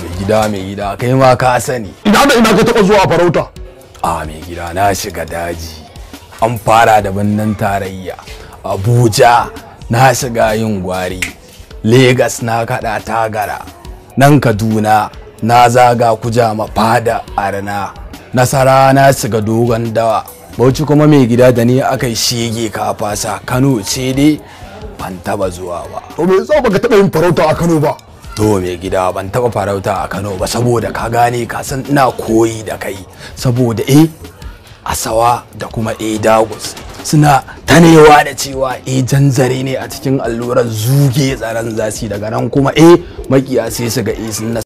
mai gida mai gida kai ma ka sani ina da ina ka taɓa zuwa farauta a mai gida na shiga daji an fara da bannan tarayya abuja na shiga yin gwari Legas na kaɗa tagara nan kaduna na zaga kuja mafada arna nasara na shiga dogon dawa bauchi kuma mai gida da ni aka shege kafasa kano ce dai ban taba zuwa ba to me yasa baka taba yin farauta a kano ba to mai gida ban taba farauta a Kano ba saboda ka gane ka san ina koyi da kai saboda eh asawa da kuma eh dagus suna tanewa da cewa eh janzare ne a cikin allurar zuge tsaron zasi daga nan kuma eh makiyasi su ga eh sun